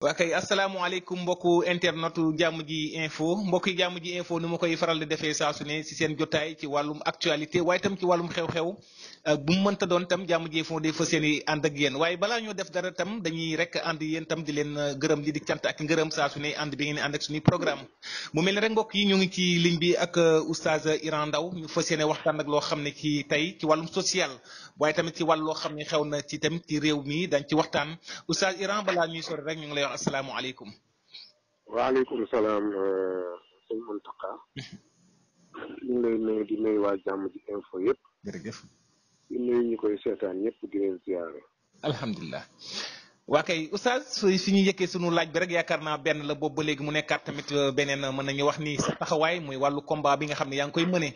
waa kay asalaamaaleykum mbokku internetu jàmm ji info mbokk yi jàmm ji info ni ma koy faral di defee saa su ne si seen jotaay ci wàllum actualité waaye tam ci wàllum xew-xew euh, bu mu mënta doon tam jàmm ji info day fas ànd ak waaye balaa ñoo def dara tam dañuy rek ànd yéen tam di leen euh, gërëm di di ak ngërëm saa su ne ànd bi ngeen ànd ak suñuy mu mel ne rek mbokk yi ñu ngi ci ligne bi ak euh, oustaz ñu fas yéene waxtaan ak loo xam ne ci tey ci wàllum social waaye tamit ci wàll loo xam ne xew na ci tamit ci réew mi dañ ci waxtaan oustaz Iran balaa ñuy sori rek ñu ngi lay wax asalaamualeykum. waaleykum salaam euh, sëñ Mountakha. ñu ngi lay nuyu di nuyu waa jàmm ji info yëpp. jërëjëf. di nuyu ñu koy seetaan ñëpp di leen ziare. alhamdulilah. waa kay oustaz fi ñu yëkkee sunu laaj bi rek yaakaar naa benn la boobu ba léegi mu nekkaat tamit euh, beneen euh, mën nañu wax nii sa taxawaay muy wàllu combat bi nga xam ne yaa ngi koy mëne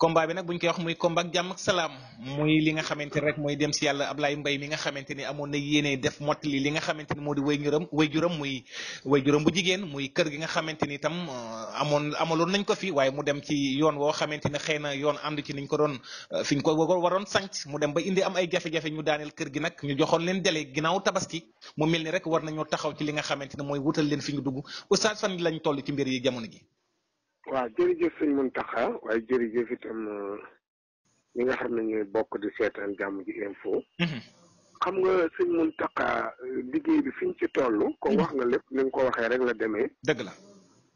combat bi nag bu koy wax muy combat ak salaam muy li nga xamante ne mooy dem yàlla Ablaye Mbaye mi nga xamante ni amoon na yéene def mottali li nga xamante ni moo di wayjuram wayjuram muy wayjuram bu jigéen muy kër gi nga xamante ni itam euh, amoon amaloon nañ ko fi waaye mu dem ci yoon woo xamante ne xëy na yoon ànd ci niñ ko doon fi ñu ko waroon sanc mu dem ba indi am ay jafe-jafe ñu daaneel kër gi nag ñu joxoon leen délai ginnaaw tabaski mu mel ni rek war nañoo taxaw ci li nga xamante ne mooy wutal leen fi ñu dugg oustaz fan lañ toll ci mbir yi jamono ji. waaw jërëjëf sëñ Mountakha waaye jërëjëf itam euh, ñi nga xam ne ñooy bokk di seetaan jàmm ji info. Mhm. xam nga sëñ Mountakha liggéey bi fiñ ci toll. ko mhm. wax nga lépp ni nga ko waxee rek la demee. dëgg la.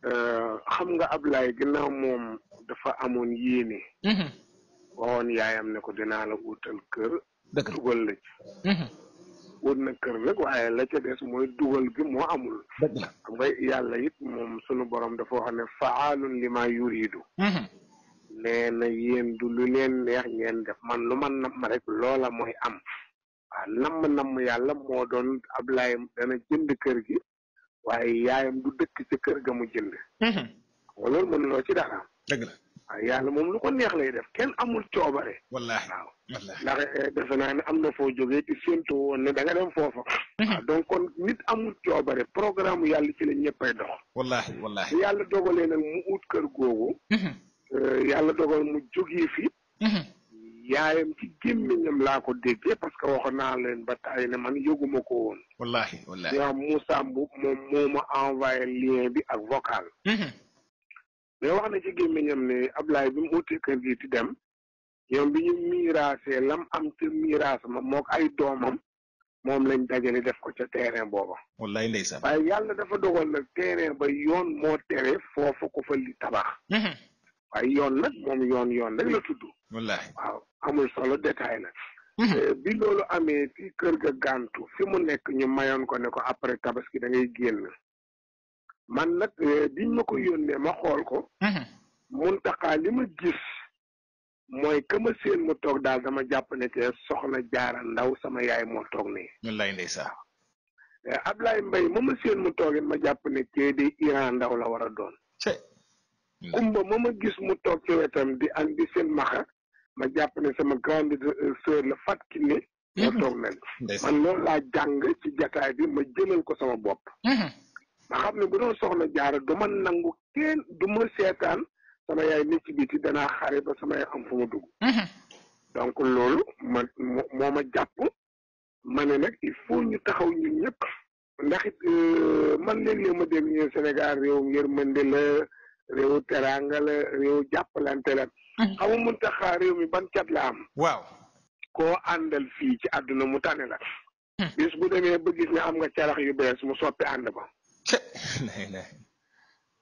Euh, xam nga Ablaye ginnaaw moom dafa amoon yéene. Mhm. waxoon yaayam ne ko dinaa la wutal kër. dëgg la wër na kër nag waaye la ca des mooy dugal gi moo amul xam nga yàlla it moom sunu borom dafa wax ne faalun li maa yuridu mhm. nee na yéen du lu leen neex ngeen def man lu ma namm rek loola mooy am waaw namm namm yàlla moo doon Ablaye dana jënd kër gi waaye yaayam du dëkk ci kër ga mu jënd wa mhm. loolu mënuloo ci dara dëgg waaw yàlla moom lu ko neex lay def kenn amul coobare. wallaahi waaw ndax eh, defe naa ne am na foo jógee ci séntu woon ne danga dem foofa. Mhm. waaw donc kon nit amul coobare programme yàlla ci la ñëppay dox. wallaahi wallaahi yàlla dogalee nag mu ut kër googu. Mhm. Eh, yàlla dogal mu jógee fi. Mhm. yaayam ci gémmiñam laa ko déggee parce que waxoon naa leen ba tay ne man yëguma ko woon. wallaahi wallaahi. yow Moussa Mboub moom moo ma envoyé lien bi ak vocal. mais wax na ci gémmiñam ne Ablaye bi mu uti kër gi di dem yoon bi ñu miiraasee lam am ca miiraas ma mook ay doomam moom lañ dajale def ko ca terrain booba. wallaay ndeysaan. waaye yàlla dafa dogal nag terrain ba yoon moo tere foofu ko fa tabax. Mhm. waaye yoon nag moom yoon yoon rek la tudd. wallaay waaw amul solo détail na mhm. eh, bi loolu amee ci kër ga gàntu fi mu nekk ñu mayoon ko ne ko après tabaski ki ngay génn. man nag diñ eh, ma ko yónnee ma xool ko. Mhm. Muntaxa li ma gis mooy que ma seen mu toog daal dama jàpp ne que soxna jaara ndaw sama yaay moo toog nii. wallaay ndeysaan. Eh, lay mbay ma ma seen mu toog ma jàpp ne que de Iran ndaw la wara doon. kumba ma ma gis mu toog ci wetam di an di seen maxa ma jàpp ne sama grande sœur la Fat Kiné moo mhm. toog nañ man loolu laa jàng ci jataay bi ma jëlal ko sama bopp. Mhm. nga xam ne bu doon soxna jaara du ma nangu kenn du ma seetaan sama yaay nit ci biti danaa xare ba sama am fu ma dugg mhm. donc loolu ma moo ma jàpp ma ne nag il faut ñu taxaw ñun ñëpp ndax euh, man léeg-léeg ma dégg ñu Sénégal réew yërmande la réew teraanga la réew jàppalante la mhm. xamu mun taxaa réew mi ban cat la am waaw koo àndal fii ci àdduna mu tane la mhm. bis bu demee ba gis ne am nga carax yu bees mu soppi ànd ba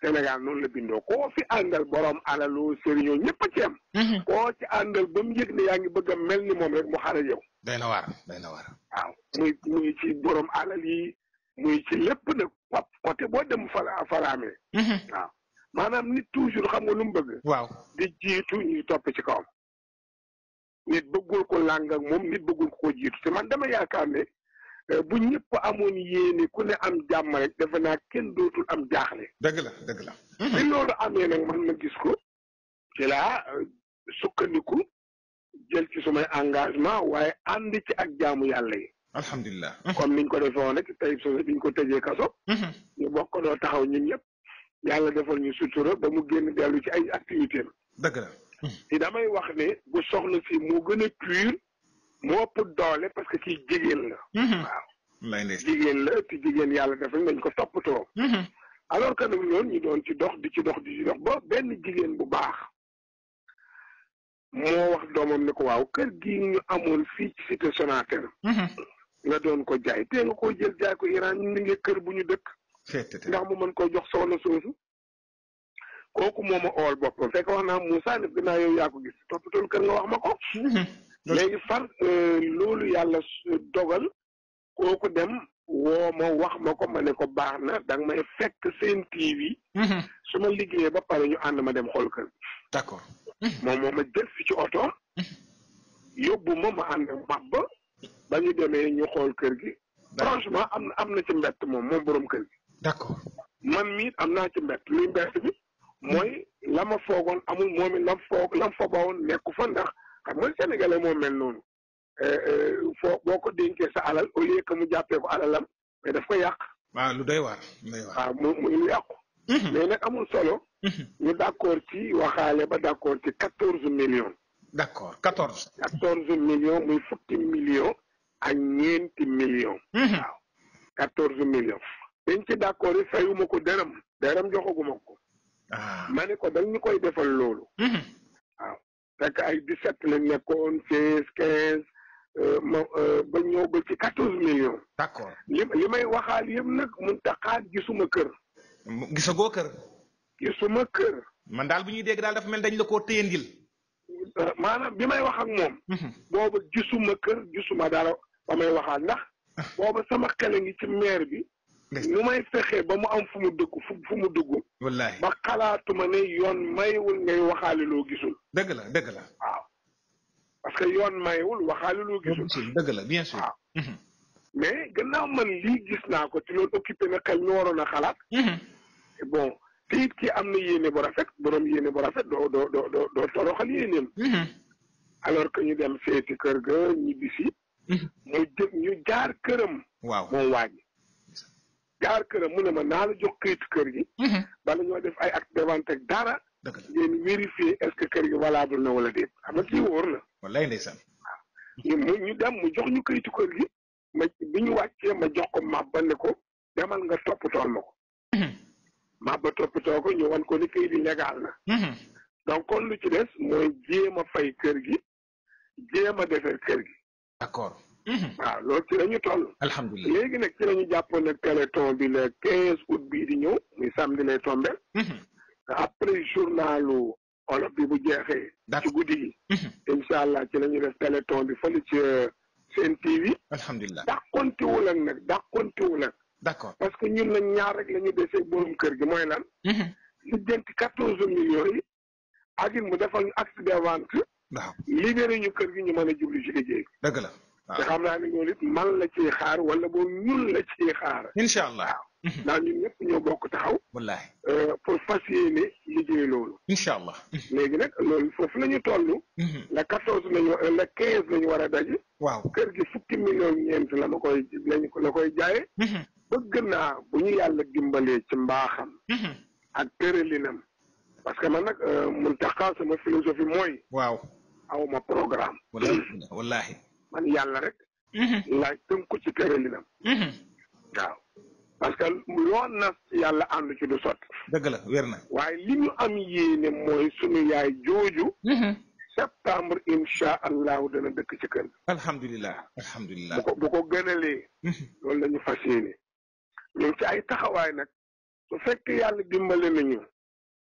Sénégal noonu la bindoo koo fi àndal borom alalu sëriñoo ñëpp a ci mhm. koo ci àndal ba mu yëg ne yaa ngi bëgg am mel ni moom rek mu xaaral yow. borom alal yi muy ci lépp nag wap côté boo dem fala falaamee. Mhm. waaw maanaam nit toujours xam nga lu mu bëgg. waaw di jiitu ñu topp ci kawam. nit bëggul ko làng moom nit bëggul ko jiitu te man dama yaakaar ne. Euh, bu ñëpp amoon yéene ku ne am jàmm rek defe naa kenn dootul am jaaxle. dëgg la dëgg la. bi mhm. loolu amee nag man ma gis ko ci euh, sukkandiku jël ci sumay engagement waaye ànd ci ak jaamu yàlla yi. alhamdulilah. Mhm. comme niñ ko defee woon rek tey soo biñ ko tëjee kaso. Mhm. ñu bokkandoo taxaw ñun ñëpp. yàlla defal ñu sutura ba mu génn dellu ci ay activités am. dëgg la. te damay wax ne bu soxla si moo gën a pur. moo ëpp doole parce que kii jigéen la. Mm-hmm. waaw jigéen la te jigéen yàlla dafa nañ ko toppatoo. Mm-hmm. alors que nag ñoon ñu doon ci dox di ci dox di ci dox benn jigéen bu baax moo wax doomam ne ko waaw kër gi ñu amoon fii ci cité mm-hmm. nga doon ko jaay te nga ko jël jaay ko Iran ñu ngi kër bu ñu dëkk. ndax mu mën koo jox soxna soosu. kooku moom a ool boppam fekk wax naa Moussa ne gannaaw yow yaa ko gis toppatul kër nga wax ma ko. léegi far euh, loolu yàlla dogal kooku dem woo ma wax ma ko ma ne ko baax na danga may fekk seen TV. Mhm. su ma liggéeyee ba pare ñu ànd ma dem xool kër. d'accord. Mhm. moom moo ma jël si ci oto. Mhm. yóbbu ma ma ànd ak mab ba ba ñu demee ñu xool kër gi. franchement am na am na ci mbett moom moom boroom kër gi. d'accord man mii am naa ci mbett luy mbett bi mooy la ma foogoon amul moom it la ma foog la ma foogoon nekku fa ndax. xam nga sénégalais moo mel noonu eh, eh, foo boo ko dénkee sa alal au lieu mu jàppee ko alalam mais daf ko yàq. waaw lu doy waar lu doy waar. waaw ah, mu muy yàqu. Mhm. mais nag amul solo. Mhm. ñu d' ci waxaale ba d' accord ci quatorze millions. d' accord quatorze. quatorze millions muy fukki millions ak ñeenti million mhm. waaw quatorze millions. dañ ci d' accord yi fayuma ko dërëm. dërëm joxaguma ko. Ah. ma ne ko dañ ñu koy defal loolu. waaw fekk ay dix-sept lañ nekkoon seize quinze euh, euh, ba ñëw ba ci quatorze millions. d'accord li li may waxaal yëpp nag mun taxaat gisuma kër. gisagoo kër. gisuma kër. man daal bu ñuy dégg daal dafa mel dañ la koo téyandil. Euh, maanaam bi may wax ak moom. Mhm. booba gisuma kër gisuma dara ba may waxaal ndax. Ah. booba sama xel ngi ci maire bi. mu may fexe ba mu am fu mu dëkk fu mu dugg. wallaahi ba xalaatuma ne yoon maywul ngay waxaale loo gisul. dëgg la dëgg la. waaw parce que yoon maywul waxaale loo gisul. dëgg la bien sûr. waaw mhm. mais gannaaw man lii gis naa ko ci loolu occupé na xel mi waroon a xalaat. Mhm. bon te it ki am na yéene bu rafet borom yéene bu rafet doo doo doo doo toroxal yéeneem. Mhm. alors que ñu dem seeti kër ga ñibbisi. mu jë ñu jaar këram. waaw moom jaar këram mu ne ma naa la jox këyitu kër gi. Mhm. bala ñoo def ay acte de vente ak dara. dëgg vérifier est kër gi valable na wala déet xam nga kii mhm. wóor na. wallaay ndeysaan. ñu ñu dem mu jox ñu këyitu kër gi ma bi ñu wàccee ma jox ko mabba ne ko demal nga toppatool ma ko. Mhm. mabba toppatoo ko ñu wan ko ni këyit yi légal na. donc kon lu ci des mooy jéem fay kër gi jéem a kër gi. d'accord. Mhm. waaw loolu ci la ñu toll. alhamdulilah léegi nag ci la ñu jàppoon ne téléthon bi le quinze août bii di ñëw muy samedi lay tombé. Mhm. après journalu olof bi bu jeexee. ci guddi gi. Mhm. incha allah ci la ñu def téléthon bi fële ci euh, seen TV. alhamdulilah dàqontiwul ak nag dàqontiwul ak. d' accord parce que ñun nag ñaar rek la ñu desee borom kër gi mooy lan. ñu jënd quatorze millions yi. ak mu defal ñu acte de vente. waaw libéré ñu kër gi ñu mën a jublu ci liggéey. dëgg la. te xam naa ne loolu it man la ciy xaar wala boo ñun la ciy xaar. incha allah naa mhm. ñun ñëpp ñoo bokk taxaw. wallaahi euh, pour fas yéene liggéey loolu. incha allah. Mhm. léegi nag loolu foofu la ñu toll. Mhm. la quatorze la ñu la quinze la ñu war a daje. waaw kër gi fukki million ñeent la ma koy la koy jaayee. bëgg naa bu ñu yàlla dimbalee ci mbaaxam. ak tëralinam. parce que man nag euh, mun taxaw sama philosophie mooy. waaw aw ma programme. wallaahi wallaahi. man yàlla rek. Mm-hmm. laaj tënku ci tëralinam. Mm-hmm. waaw parce que yoon yàlla ànd ci du sot. dëgg la wér na. waaye li ñu am yéene mooy sunu yaay jooju. Mm-hmm. septembre incha allahu dana dëkk ci kër. alhamdulilah alhamdulilah. bu ko bu gënalee. loolu la fas yéene. ñu ci ay taxawaay nag. su fekk yàlla dimbale nañu.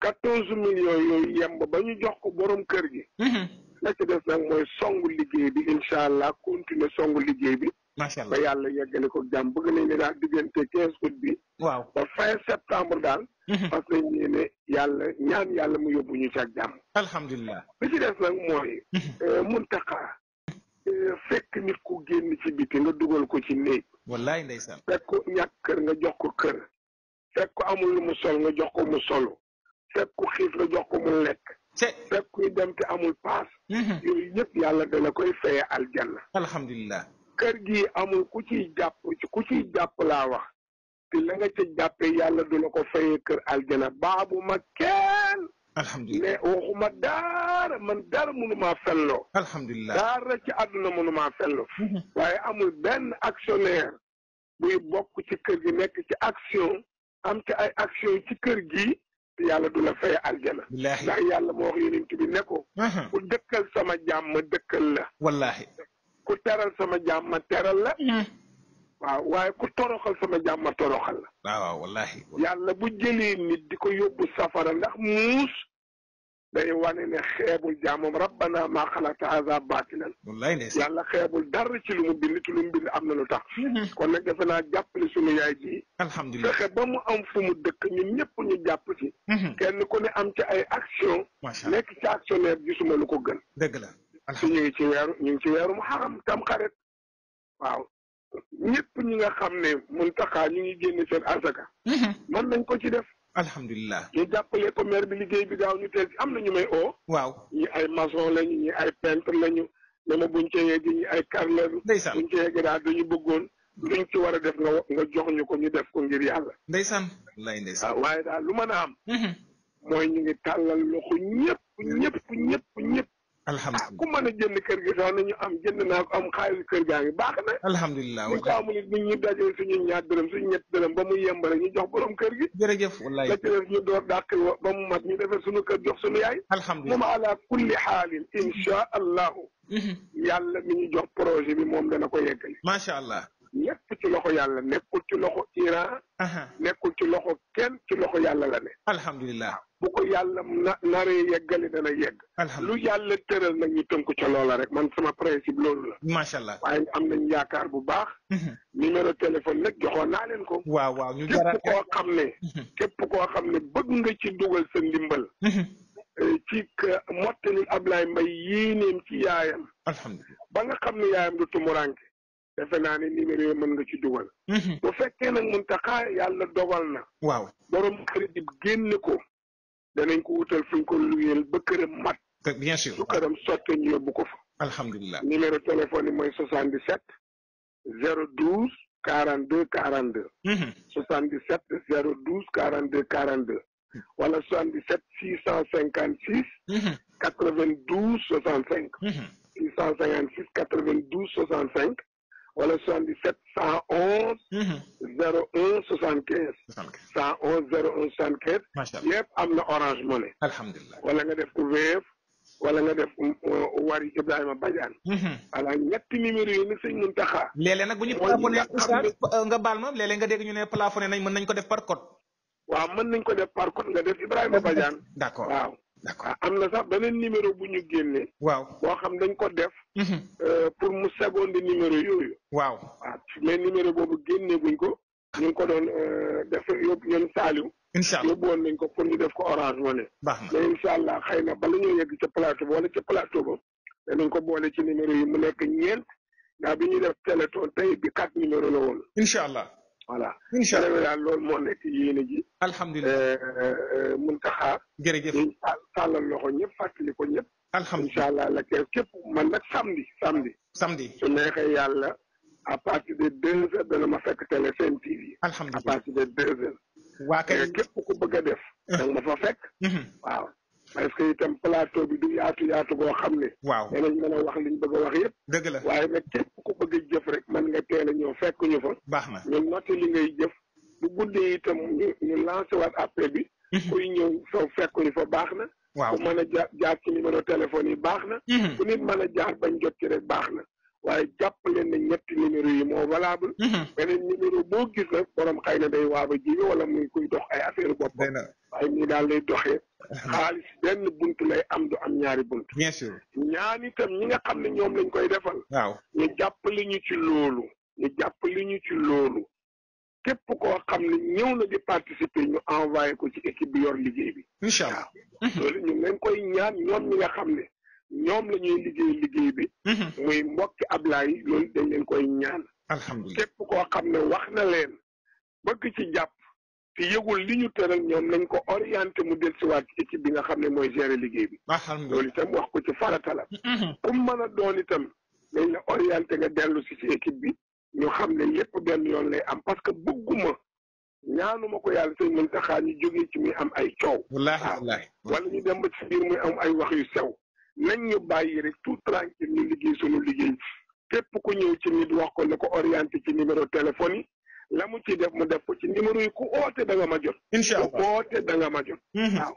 quatorze millions yooyu yemb ba ñu jox ko borom kër gi. la ci des nag mooy songu liggéey bi incha allah continuer songu liggéey bi. macha allah ba yàlla yeggale ko jàmm bëgg nañ ne daal diggante quinze août bi. waaw ba fin septembre daal. parce que ñu yàlla ñaan yàlla mu yóbbu ñu ci ak jàmm. alhamdulilah li ci des nag mooy. Mhm. Euh, muntaqa. Euh, fekk nit ku génn ci biti nga dugal ko ci néeg. wallaay ndeysaan. fekk ko ñàkk kër nga jox ko kër. fekk ko amul lu mu sol nga jox ko mu solu. fekk ko xiif nga jox ko mu lekk. fépp kuy dem te amul paas mhm. yooyu ñëpp yàlla da la koy faye aljanna alhamdulilah kër gi amul ku ci jàpp ku ci jàpp laa wax te la nga ca jàppee yàlla du la ko fayee kër aljanna baabu ma kenn alhamdulilah mais waxuma daara man daara mënumaa felloo daara ci àdduna mënumaa felloo mhm. waaye amul benn actionnaire buy bokk ci kër gi nekk ci action am ci ay action ci kër gi yàlla du la fay aljana ndax yàlla moo wax yonent bi ne ko ku dëkkal sama jaam ma dëkkal la wallaahi ku teral sama jaam ma teral la mm-hmm. waaw waaye ku toroxal sama jaam ma toroxal la waaw wallaahi yàlla bu jëlee nit di ko yóbbu safara ndax muus day wane ne xeebul jaamam rabbana maa xalaqta haza baatilan yàlla xeebul dara ci lu mu bind ci lu mu bind am na lu tax mhm. kon nag defe naa jàppale suñu yaay ji alhamdulilah fexe ba mu am fu mu dëkk ñun ñëpp ñu jàpp ci mhm. kenn ko ne am ci ay action nekk ci actionnaire gisuma lu ko gën dëgg la si ñu ngi ci weeru ñu ngi ci weeru muharram tam xarit waaw ñëpp ñi nga xam ne mun taxaa ñu ngi génne seen asaka man mhm. nañ ko ci def alhamdulilah ñu jàppale ko maire bi liggéey bi daaw ñu teel am na ñu may o waaw ñi ay maçon lañu ñi ay peintre lañu dama buñ ci yegg ñi ay carreleur ndeysaan buñ ci yegg daal dañu bëggoon luñ ci war a def nga nga jox ñu ko ñu def ko ngir yàlla ndeysaan lay ndeysaan waaw waaye daal lu man a am mhm. mooy ñu ngi tàllal loxo ñëpp ñëpp ñëpp ñëpp alhamdulilah ah ku mën a jënd kër gi sax nañu am jënd naa ko am xaalis kër gaa ngi baax na. alhamdulilah ñu ko amul nit ñu daje suñu ñaar dërëm suñu ñett dërëm ba mu yembale ñu jox borom kër gi. jërëjëf wallaay la ci def ñu door dàqil ba mu mat ñu defar suñu kër jox suñu yaay. alhamdulilah moom ala kulli xaalin incha allahu. Mhm. yàlla mi ñu jox bi moom dana ko yeggale. macha allah. ci loxo yàlla nekkul ci loxo Iran. nekkul ci loxo kenn ci loxo yàlla la ne. alhamdulilah bu ko yàlla na naree yeggali dana yegg. lu yàlla tëral nag ñu tënku ca loola rek man sama principe loolu la. macha allah waaye am nañ yaakaar bu baax. Mhm. numéro téléphone nag joxo naa leen ko. waaw waaw ñu dara képp koo xam ne. Mhm. képp ko xam ne bëgg nga ci dugal sa ndimbal. Mhm. Eh, ci mottalil Ablaye Mbaye yéeneem ci yaayam. alhamdulilah ba nga xam ne yaayam du tumuraanke defe naa ne numéro yi mën nga ci dugal. Mhm. boo fekkee nag Mountakha yàlla dogal na. waaw borom kër gi génne ko. danañ ko wutal fuñ ko luyeel ba këram mat. bien sûr su këram sottee ñu bu ko fa. alhamdulilah numéro téléphone yi mooy 77. 012 42 42. 77 012 42 42. wala 77 656. 92 65. 656 92 65. wala 77 111. 01 75. 75 111 01 75. macha allah yëpp am na Orange Money. alhamdulilah wala nga def ko Wave. wala nga def mm, mm, wari Ibrahima Badiane. voilà mm-hmm. ñetti numéro yi ni sëñ Mountakha. léeg-léeg nag bu ñu plafonné nga baal ma léeg-léeg nga dégg ñu ne plafonné nañ mën nañ ko def par code. waaw mën nañ ko def par code nga def Ibrahima Badiane. d'accord d'accord ah, am na sax beneen numéro bu ñu génnee. waaw boo xam dañ ko def. Mhm. Euh, pour mu seconde numéro yooyu. waaw waaw ah, mais boobu génne guñ ko. ñu ngi ko doon euh, def yóbbu ñoom Saliou. incha allah yóbbu woon nañ ko pour ñu def ko orange wane. baax allah xëy na bala ñoo yegg ca plateau ba wala ca plateau ba. danañ ko boole ci numéro yi mu nekk ñeent. ndax bi ñu def téléthon tey bi quatre numéro la woon. incha allah. voilà incha allah loolu moo nekk yéene ji. alhamdulilah euh, euh, euh, Muntaxa. jërëjëf ñu tàllal loxo ñëpp fàttali ko ñëpp. alhamdulilah incha allah la kay képp man nag samedi samedi. samedi su neexee yàlla à de deux heures dana fekk télé TV. alhamdulilah à de deux heures. waa képp ku bëgg a def. da nga fa fekk. waaw. parce que itam plateau bi du yaatu yaatu koo xam ne. waaw danañ mën a wax liñ bëgg a wax yëpp. dëgg la waaye nag képp ku bëgg jëf rek mën nga teel a ñëw fekk ñu fa. baax na ñu noté li ngay jëf. bu guddee itam ñu ñu lancé waat appel bi. Mhm. kuy ñëw soo fekk ñu fa baax na. waaw ku mën a jaar jaar ci numéro téléphone yi baax na. Mhm. ku nit mën a jaar bañ jot ci rek baax na. waaye jàpp leen ne ñetti numéro yi moo valable. Mhm. beneen numéro boo gis nag borom xëy na day waaba jiwe wala muy kuy dox ay affaire boppam. waaye mu daal lay doxee. Mhm. xaalis benn bunt lay am du am ñaari bunt. bien sûr ñaan itam ñi nga xam ne ñoom lañ koy defal. waaw ñu jàppale ñu ci loolu. ñu jàppale ñu ci loolu. képp ko xam ne ñëw na di participer ñu envoyé ko ci équipe bi yor liggéey bi. incha allah ñu ngi koy ñaan ñoom ñi nga xam ne. ñoom la ñuy liggéey liggéey bi. Mm-hmm. muy mbokki Ablaye loolu dañ leen koy ñaan. alhamdulilah koo xam ne wax na leen bëgg ci jàpp te yëgul li ñu tëral ñoom nañ ko orienté mu dellusiwaat ci équipe bi nga xam ne mooy gérer liggéey bi. alhamdulilah loolu itam wax ko ci farata la. Mm-hmm. ku a doon itam dañ la orienté nga dellu si ci équipe bi ñu xam ne lépp benn yoon lay am parce que bëgguma ñaanuma ko yàlla sëñ Muntaxa ñu jógee ci muy am ay coow. wallaahi wallaahi ñu dem ba ci biir muy am ay wax yu sew. nañ ñu bàyyi rek tout tranquille ñu liggéey sunu liggéey képp ku ñëw ci nit wax ko ne ko orienté ci numéro téléphone yi la mu ci def mu def ko ci numéro yi ku oote da nga ma jot. incha allah da nga ma jot. Mm-hmm. waaw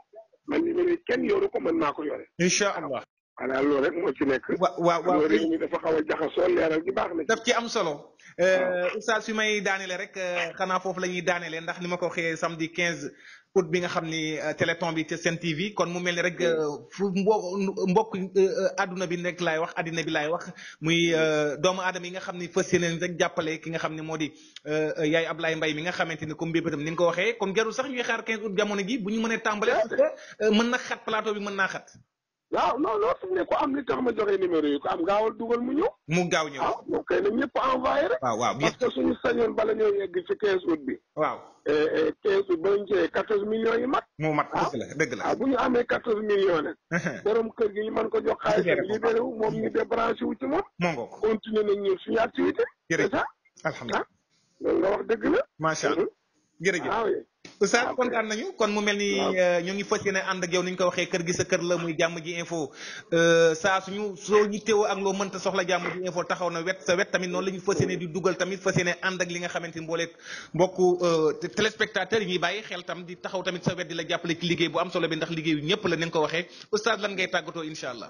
man numéro yi kenn yoru ko mën naa ko yore. incha allah xanaa loolu rek moo ci nekk. waaw waaw réew mi dafa xaw a jaxasoo leeral gi baax na. daf ci am solo. Euh, oustaz fi may daanele rek euh, xanaa foofu la ñuy daanele ndax ni ma ko waxee samedi 15 août bi nga xam ni euh, téléthon bi ca Sen TV kon mu mel ni rek fu mbokk adduna bi rek laay wax addina bi laay wax muy doomu aadama yi nga xam ni fas yéeneen rek jàppale ki nga xam ni moo di yaay Ablaye Mbaye mi nga xamante ni comme mbébétam ni nga ko waxee kon jarul sax ñuy xaar 15 août jamono gi bu ñu mënee tàmbalee parce que mën na xat plateau bi mën naa xat. waaw non non su ne ko am li tax ma joxe numéro yi ko am gaawal dugal mu ñëw. mu gaaw ñëw waaw ah, moom kay nañ ñëpp envoyé rek. waaw waaw parce que suñu sañoon bala ñoo yegg ci quinze août bi. waaw eh, eh, quinze août ba ñu cee quatorze millions yi mat. moo mat dëgg la ah. dëgg la. Ah, bu ñu amee quatorze millions nag. borom kër gi ñu mën ko jox xaalis libéré wu moom ñu débranché wu ci moom. moo ngi ko nañ ñun suñu activité. jërëjëf c'est nga wax dëgg la. macha allah. Mm-hmm. jërëjëf ah Oustaz ah kontaan nañu kon mu mel ni ah euh, ñu ngi fas ne ànd ak yow ni ñu ko waxee kër gi sa kër la muy jàmm ji info euh, saa suñu soo yittewoo ak loo mënta soxla jàmm ji info taxaw na wet sa wet tamit noonu la ñu fas yéene di dugal tamit fas yéene ànd ak li nga xamante ni mbooleeg mbokku euh, téléspectateurs yi ñuy bàyyi xel tam di taxaw tamit sa wet di la jàppale ci liggéey bu am solo bi ndax liggéey yu la ni nga ko waxee Oustaz lan ngay tàggatoo incha allah